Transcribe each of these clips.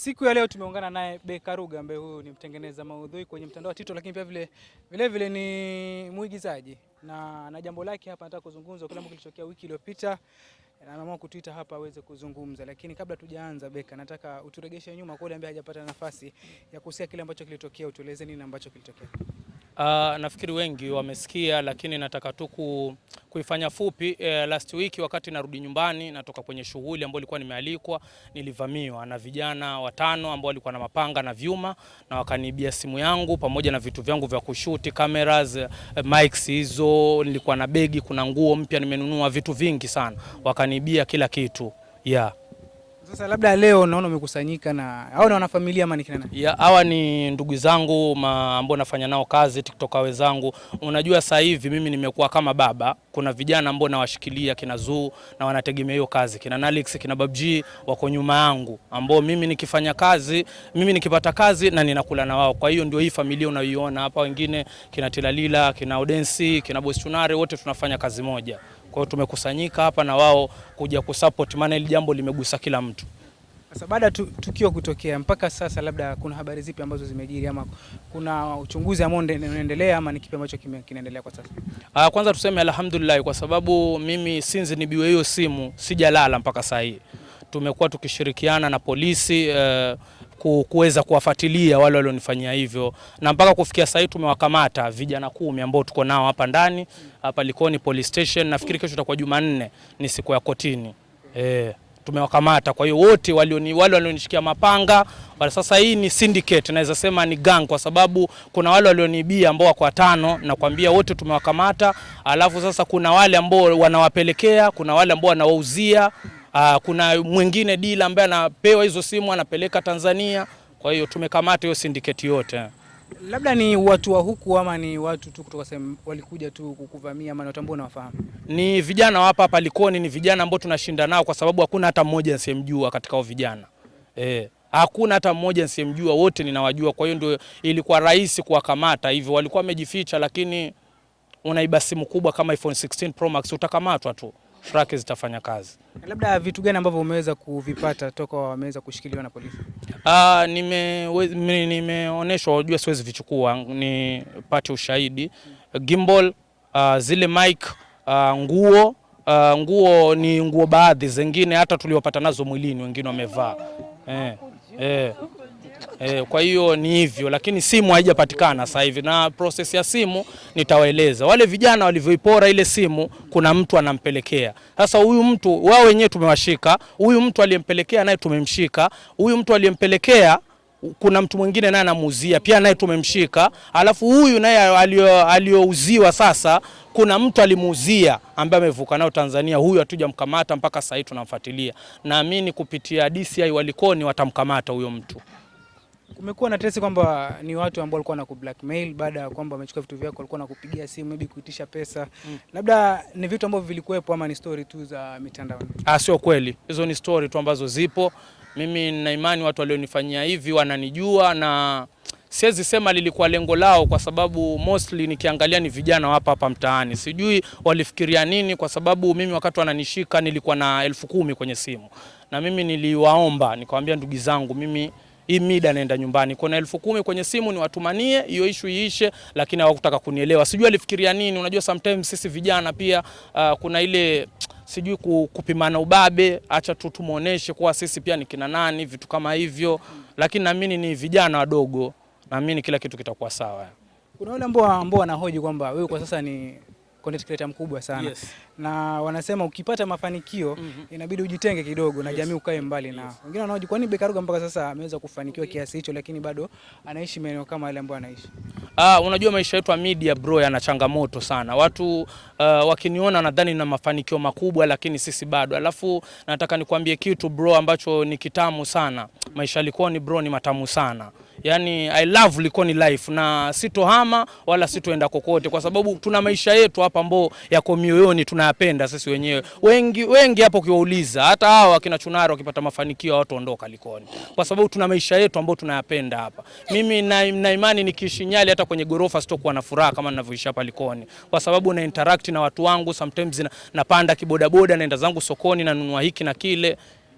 Siku ya leo tumeungana naye Beka Ruga ambaye huyu ni mtengeneza maudhui kwenye mtandao wa Tito, lakini pia vile vile, vile ni muigizaji na na jambo lake hapa nataka kuzungumza kile ambacho kilitokea wiki iliyopita, anaamua kutuita hapa aweze kuzungumza. Lakini kabla tujaanza, Beka, nataka uturegeshe nyuma kwa yule ambaye hajapata nafasi ya kusikia kile ambacho kilitokea, utueleze nini ambacho kilitokea. Uh, nafikiri wengi wamesikia, lakini nataka tu kuifanya fupi. Uh, last week wakati narudi nyumbani natoka kwenye shughuli ambayo ilikuwa nimealikwa, nilivamiwa na vijana watano ambao walikuwa na mapanga na vyuma na wakaniibia simu yangu pamoja na vitu vyangu vya kushuti cameras, uh, mics hizo, nilikuwa na begi, kuna nguo mpya nimenunua, vitu vingi sana, wakaniibia kila kitu yeah. Sasa labda leo naona umekusanyika na hao ni wanafamilia ama ni kina nani? Ya hawa ni ndugu zangu ambao nafanya nao kazi TikTok wenzangu. Unajua sasa hivi mimi nimekuwa kama baba, kuna vijana ambao nawashikilia kina Zuu na wanategemea hiyo kazi. Kina Nalix, kina Babji wako nyuma yangu ambao mimi nikifanya kazi, mimi nikipata kazi na ninakula na wao. Kwa hiyo ndio hii familia unayoiona hapa wengine kina Tilalila, kina Odensi, kina Boschunare wote tunafanya kazi moja. Kwa hiyo tumekusanyika hapa na wao kuja kusupport, maana hili jambo limegusa kila mtu. Sasa baada ya tukio kutokea mpaka sasa, labda kuna habari zipi ambazo zimejiri ama kuna uchunguzi ambao unaendelea ama ni kipi ambacho kinaendelea kwa sasa? Aa, ah, kwanza tuseme alhamdulillah, kwa sababu mimi sinzi nibiwe hiyo simu sijalala mpaka saa hii. Tumekuwa tukishirikiana na polisi eh, kuweza kuwafuatilia wale walionifanyia hivyo, na mpaka kufikia sasa tumewakamata vijana kumi ambao tuko nao hapa ndani hapa Likoni Police Station. Nafikiri kesho itakuwa Jumanne, ni siku ya kotini e, tumewakamata. Kwa hiyo wote wale walionishikia mapanga wale, sasa hii ni syndicate, naweza sema ni gang, kwa sababu kuna wale walionibia ambao wako watano, na kwambia wote tumewakamata. Alafu sasa kuna wale ambao wanawapelekea, kuna wale ambao wanawauzia Aa, ah, kuna mwingine dila ambaye anapewa hizo simu anapeleka Tanzania. Kwa hiyo tumekamata hiyo syndicate yote. Labda ni watu wa huku ama ni watu tu kutoka sehemu walikuja tu kukuvamia maana watambua na wafahamu? Ni vijana hapa hapa Likoni, ni vijana ambao tunashinda nao kwa sababu hakuna hata mmoja nisiyemjua katika hao vijana. Eh, hakuna hata mmoja nisiyemjua, wote ninawajua. Kwa hiyo ndio ilikuwa rahisi kuwakamata hivyo, walikuwa wamejificha, lakini unaiba simu kubwa kama iPhone 16 Pro Max utakamatwa tu shraki zitafanya kazi. Labda vitu gani ambavyo umeweza kuvipata toka wameweza kushikiliwa na polisi? Ah, nime nimeonyeshwa, wajua siwezi vichukua, nipate ushahidi. Gimbal, ah, zile mic, ah, nguo uh, nguo ni nguo, baadhi zingine hata tuliopata nazo mwilini, wengine wamevaa eh, eh. E, kwa hiyo ni hivyo, lakini simu haijapatikana sasa hivi, na process ya simu nitawaeleza. Wale vijana walivyoipora ile simu, kuna mtu anampelekea. Sasa huyu mtu wao wenyewe tumewashika, huyu mtu aliyempelekea naye tumemshika, huyu mtu aliyempelekea kuna mtu mwingine naye anamuuzia pia naye tumemshika. Alafu huyu naye aliyouziwa sasa, kuna mtu alimuuzia ambaye amevuka nao Tanzania. Huyu hatujamkamata mpaka sasa hivi, tunamfuatilia. Naamini kupitia DCI Walikoni watamkamata huyo mtu. Kumekuwa na tetesi kwamba ni watu ambao walikuwa na kublackmail baada ya kwamba wamechukua vitu vyako, walikuwa nakupigia simu maybe kuitisha pesa mm. Labda ni vitu ambavyo vilikuwepo ama ni story tu za mitandaoni? Ah, sio kweli, hizo ni story tu ambazo zipo. Mimi nina imani watu walionifanyia hivi wananijua, na siwezi sema lilikuwa lengo lao, kwa sababu mostly nikiangalia ni vijana hapa hapa mtaani. Sijui walifikiria nini, kwa sababu mimi wakati wananishika nilikuwa na elfu kumi kwenye simu, na mimi niliwaomba, nikawaambia ndugu zangu mimi hii mida naenda nyumbani, kuna elfu kumi kwenye simu niwatumanie, hiyo ishu iishe, lakini hawakutaka kunielewa. Sijui alifikiria nini. Unajua sometimes sisi vijana pia uh, kuna ile sijui kupimana ubabe, acha tu tumuoneshe kuwa sisi pia ni kina nani, vitu kama hivyo, lakini naamini ni vijana wadogo, naamini kila kitu kitakuwa sawa. Kuna wale ambao ambao wanahoji kwamba wewe kwa sasa ni content creator mkubwa sana yes. Na wanasema ukipata mafanikio mm -hmm. inabidi ujitenge kidogo na yes. jamii ukae mbali yes. na wengine wanaoji, nini Bekaruga mpaka sasa ameweza kufanikiwa mm. kiasi hicho, lakini bado anaishi maeneo kama yale ambayo anaishi. Ah, unajua maisha yetu ya media bro yana changamoto sana. Watu uh, wakiniona nadhani na mafanikio makubwa, lakini sisi bado. Alafu nataka nikwambie kitu bro ambacho ni kitamu sana maisha alikuwa ni bro, ni matamu sana yani, I love Likoni life, na sitohama wala sitoenda kokote, kwa sababu tuna maisha yetu hapa ambao yako mioyoni, tunayapenda sisi wenyewe. Wengi wengi hapo ukiwauliza, hata hawa akina Chunaro wakipata mafanikio watu ondoka Likoni, kwa sababu tuna maisha yetu ambao tunayapenda hapa. Mimi na, na imani nikiishi Nyali hata kwenye gorofa sitokuwa na furaha kama ninavyoishi hapa Likoni, kwa sababu na interact na watu wangu sometimes, na, napanda kibodaboda naenda zangu sokoni nanunua hiki na kile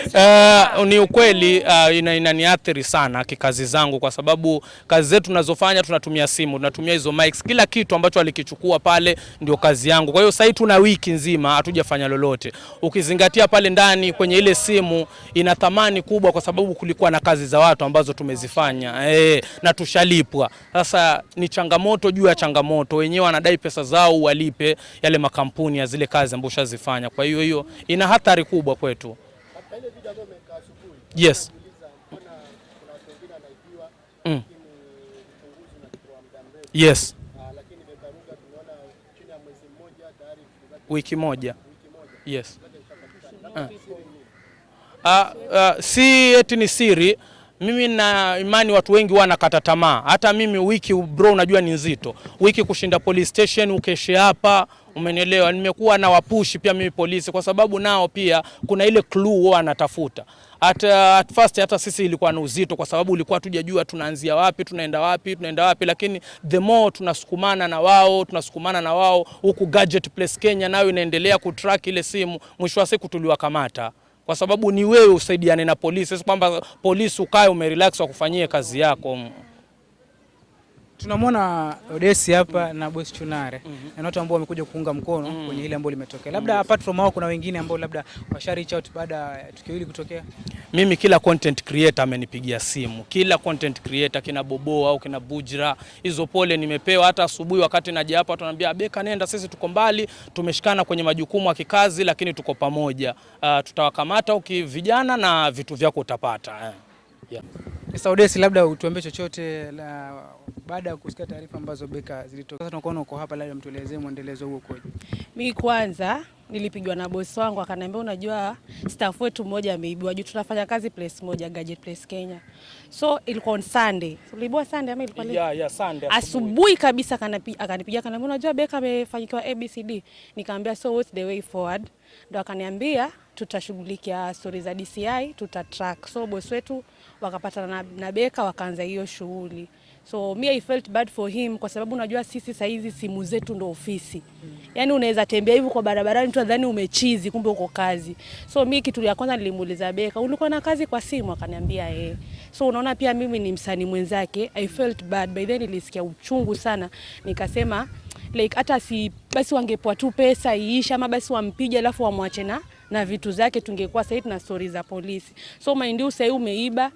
Uh, ni ukweli uh, inaniathiri sana kikazi zangu, kwa sababu kazi zetu tunazofanya tunatumia simu, tunatumia hizo mics, kila kitu ambacho alikichukua pale ndio kazi yangu. Kwa hiyo sasa tuna wiki nzima hatujafanya lolote, ukizingatia pale ndani kwenye ile simu ina thamani kubwa, kwa sababu kulikuwa na kazi za watu ambazo tumezifanya e, na tushalipwa. Sasa ni changamoto juu ya changamoto, wenyewe wanadai pesa zao walipe yale makampuni ya zile kazi ambazo ushazifanya. Kwa hiyo hiyo ina hatari kubwa kwetu. Yes. Mm. Yes. Wiki moja. Yes. Ah, uh, si eti ni siri mimi na imani watu wengi wanakata tamaa. Hata mimi wiki bro, unajua ni nzito wiki kushinda police station, ukeshe hapa, umenielewa. Nimekuwa na wapushi pia mimi polisi, kwa sababu nao pia kuna ile clue wao anatafuta. At, uh, at first hata sisi ilikuwa na uzito, kwa sababu ulikuwa tujajua tunaanzia wapi, tunaenda wapi, tunaenda wapi, lakini the more tunasukumana na wao tunasukumana na wao huku Gadget Place Kenya nayo inaendelea kutrack ile simu, mwisho wa siku tuliwakamata kwa sababu ni wewe usaidiane na polisi, sio kwamba polisi ukae umerelax kufanyia kazi yako tunamwona Odesi hapa na Boss Chunare mhm. na watu ambao wamekuja kuunga mkono mhm. kwenye ile ambayo limetokea, labda mhm. apart from hao kuna wengine ambao labda washa reach out baada ya tukio hili kutokea. Mimi kila content creator amenipigia simu, kila content creator kina Bobo au kina Bujra, hizo pole nimepewa. Hata asubuhi wakati naja hapa tunaniambia Beka, nenda, sisi tuko mbali, tumeshikana kwenye majukumu ya kikazi, lakini tuko pamoja. Uh, tutawakamata ukivijana na vitu vyako utapata eh. yeah. Saudesi, labda utuambie chochote la baada ya kusikia taarifa ambazo Beka zilitoka. Sasa tunakuona uko hapa, labda mtuelezee mwendelezo huo kweli. Mi kwanza nilipigwa na bosi wangu akaniambia, unajua staff wetu mmoja ameibiwa, juu tunafanya kazi place moja Gadget Place Kenya. So ilikuwa on Sunday, Tulibua Sunday ama ilikuwa yeah, yeah, Sunday asubuhi kabisa, akanipigia akaniambia, unajua Beka amefanyikiwa ABCD. Nikamwambia so what's the way forward, ndo akaniambia tutashughulikia stories za DCI, tutatrack. So bosi wetu wakapatana na, na Beka wakaanza hiyo shughuli. So mi I felt bad for him kwa sababu unajua sisi saa hizi simu zetu ndo ofisi. Yaani unaweza tembea hivi kwa barabara mtu adhani umechizi kumbe uko kazi. So mi kitu ya kwanza nilimuuliza Beka, ulikuwa na kazi kwa simu? Akaniambia eh. So unaona pia mimi ni msanii mwenzake. I felt bad. By then nilisikia uchungu sana. Nikasema like hata si basi wangepoa tu pesa iisha ama basi wampige alafu wamwache na na vitu zake, tungekuwa sahii tuna stori za polisi. So maindiu sahii umeiba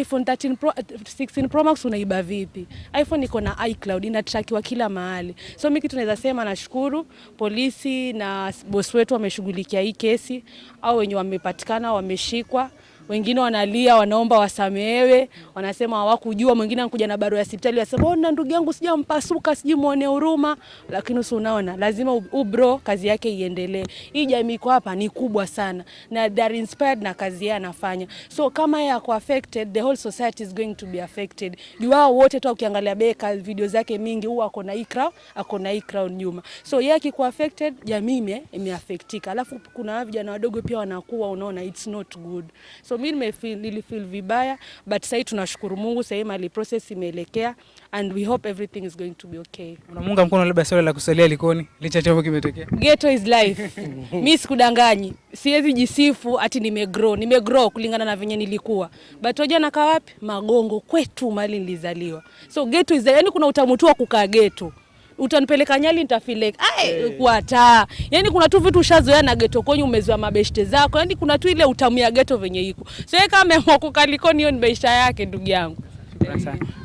iPhone 13 Pro, 16 Pro Max unaiba vipi? iPhone iko na iCloud inatrakiwa kila mahali. So mimi kitu naweza sema nashukuru polisi na bosi wetu wameshughulikia hii kesi, au wenye wamepatikana wameshikwa wengine wanalia, wanaomba wasamehewe, wanasema hawakujua. Mwingine anakuja na barua ya hospitali, anasema ona, ndugu yangu sijampasuka, sijui muone huruma. Lakini si unaona, lazima ubro kazi yake iendelee. Hii jamii iko hapa ni kubwa sana, na they are inspired na kazi yake anafanya. So kama yeye ako affected, the whole society is going to be affected. Juu wao wote tu, ukiangalia Beka video zake mingi, huwa ako na ikra, ako na ikra nyuma. So yeye akikuwa affected, jamii ime affectika. Alafu kuna vijana wadogo pia wanakuwa, unaona it's not good so mi nilifil vibaya, but sahii tunashukuru Mungu, sahii mali process imeelekea and we hope everything is going to be okay. Unamunga mkono labda swala la kusalia Likoni licha chombo kimetokea. Ghetto is life. Mi sikudanganyi, siwezi jisifu ati nimegrow, nimegrow kulingana na venye nilikuwa, but wajua nakaa wapi? Magongo kwetu mali nilizaliwa, so ghetto is, yani kuna utamu tu wa kukaa ghetto utanipeleka Nyali nitafileka hey. Eh. kuata yani, kuna tu vitu ushazoea na geto kwenye umezoea mabeshte zako, yani kuna tu ile utamu ya geto venye iko sio Kama ameamua kukalikoni, hiyo ni maisha yake ndugu yangu.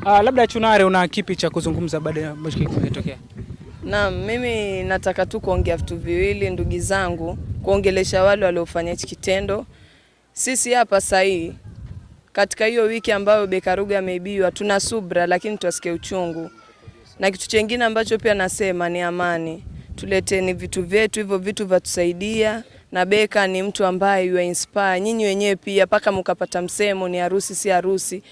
Uh, labda Chunare, una kipi cha kuzungumza baada ya ambacho kutokea? Naam, mimi nataka tu kuongea vitu viwili ndugu zangu, kuongelesha wale waliofanya hichi kitendo. Sisi hapa sahii katika hiyo wiki ambayo Bekaruga ameibiwa, tuna subra lakini tuasikie uchungu. Na kitu chengine ambacho pia nasema ni amani, tuleteni vitu vyetu, hivyo vitu vyatusaidia na Beka ni mtu ambaye yu inspire nyinyi wenyewe pia, mpaka mkapata msemo ni harusi si harusi,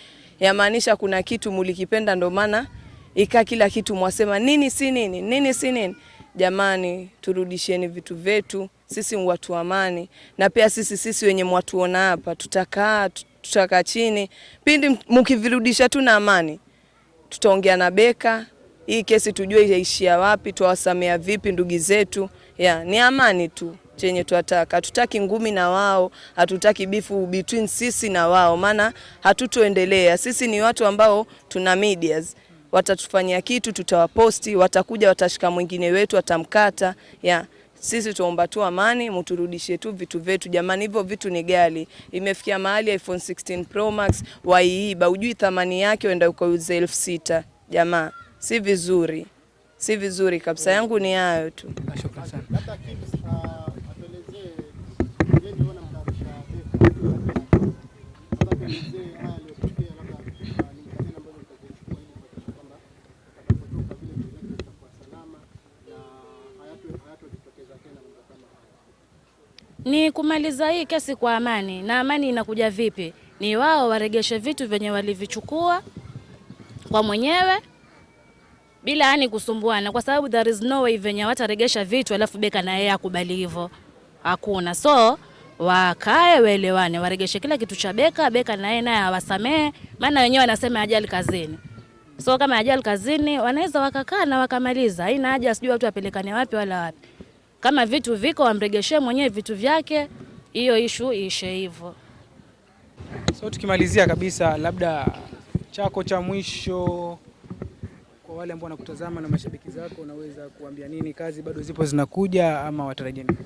yamaanisha kuna kitu mulikipenda, ndo maana ika kila kitu mwasema nini si nini nini si nini. Jamani, turudisheni vitu vyetu, sisi ni watu amani, na pia sisi sisi wenye mwatuona hapa, tutakaa tutakaa chini, pindi mkivirudisha tu na amani, tutaongea na Beka hii kesi tujue itaishia wapi, tuwasamea vipi ndugu zetu. Ya, ni amani tu chenye tuataka, hatutaki ngumi na wao, hatutaki bifu between sisi na wao, maana hatutoendelea. Sisi ni watu ambao tuna medias watatufanyia kitu, tutawaposti, watakuja, watashika mwingine wetu, watamkata. Ya, sisi tuomba tu amani, mturudishie tu vitu vyetu jamani, hivyo vitu ni gali. Imefikia mahali iPhone 16 Pro Max waiiba, ujui thamani yake, waenda ukauze elfu sita jamaa si vizuri, si vizuri kabisa. Yangu ni hayo tu. Ni kumaliza hii kesi kwa amani. Na amani inakuja vipi? Ni wao waregeshe vitu vyenye walivichukua kwa mwenyewe bila yani kusumbuana, kwa sababu there is no way venye wataregesha vitu alafu Beka na yeye akubali hivyo, hakuna. So wakae waelewane, waregeshe kila kitu cha Beka. Beka na yeye naye awasamee, maana wenyewe wanasema ajali kazini. So kama ajali kazini, wanaweza wakakaa na wakamaliza. Haina haja sijui watu wapelekane wapi wala wapi. Kama vitu viko, wamregeshe mwenyewe vitu vyake, hiyo ishu iishe hivyo. So tukimalizia kabisa, labda chako cha mwisho kwa wale ambao wanakutazama na mashabiki zako, unaweza kuambia nini? Kazi bado zipo zinakuja, ama watarajia nini?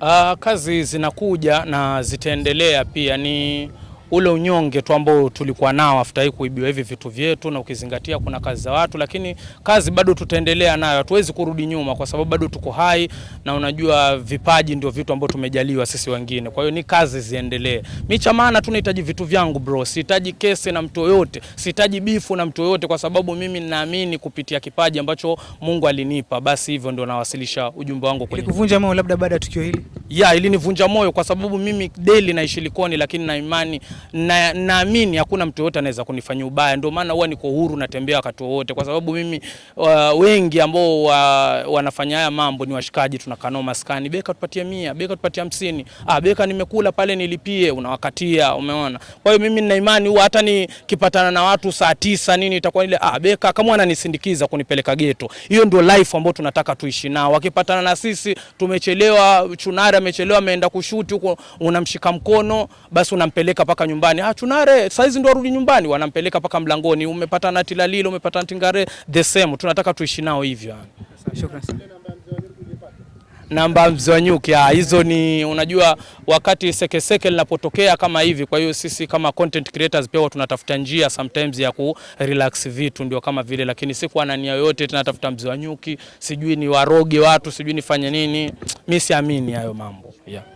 Uh, kazi zinakuja na zitaendelea pia ni ule unyonge tu ambao tulikuwa nao after hii kuibiwa hivi vitu vyetu, na ukizingatia kuna kazi za watu, lakini kazi bado tutaendelea nayo, hatuwezi kurudi nyuma kwa sababu bado tuko hai, na unajua vipaji ndio vitu ambao tumejaliwa sisi wengine. Kwa hiyo ni kazi ziendelee. Mimi cha maana tu nahitaji vitu vyangu bro, sihitaji kesi na mtu yoyote, sihitaji bifu na mtu yoyote, kwa sababu mimi ninaamini kupitia kipaji ambacho Mungu alinipa, basi hivyo ndio nawasilisha ujumbe wangu kwenye. kuvunja moyo labda baada ya tukio hili? Ya, ilinivunja moyo kwa sababu mimi daily naishi Likoni, lakini na imani na naamini hakuna mtu yoyote anaweza kunifanyia ubaya, ndio maana huwa niko huru natembea wakati wowote, kwa sababu mimi uh, wengi ambao uh, wanafanya haya mambo ni washikaji, tunakaa nao maskani, beka tupatie mia, beka tupatie hamsini, ah, beka nimekula pale nilipie, unawakatia. Umeona? Kwa hiyo mimi nina imani huwa hata nikipatana na watu saa tisa nini itakuwa ile ah, beka kama ananisindikiza kunipeleka geto. Hiyo ndio life ambayo tunataka tuishi nao. Wakipatana na sisi tumechelewa, Chunara amechelewa ameenda kushuti huko, unamshika mkono basi unampeleka paka kutoka nyumbani, ah, Chunare saizi ndo arudi nyumbani, wanampeleka paka mlangoni. Umepata nati lalilo, umepata ntingare the same, tunataka tuishi nao hivyo. Shukrani. Namba Mzwanyuki ah, hizo ni unajua, wakati sekeseke linapotokea kama hivi. Kwa hiyo sisi kama content creators pia tunatafuta njia sometimes ya ku relax vitu ndio kama vile, lakini si kwa nia yoyote tunatafuta nyuki, sijui ni waroge watu, sijui nifanye nini. Mimi siamini hayo mambo yeah.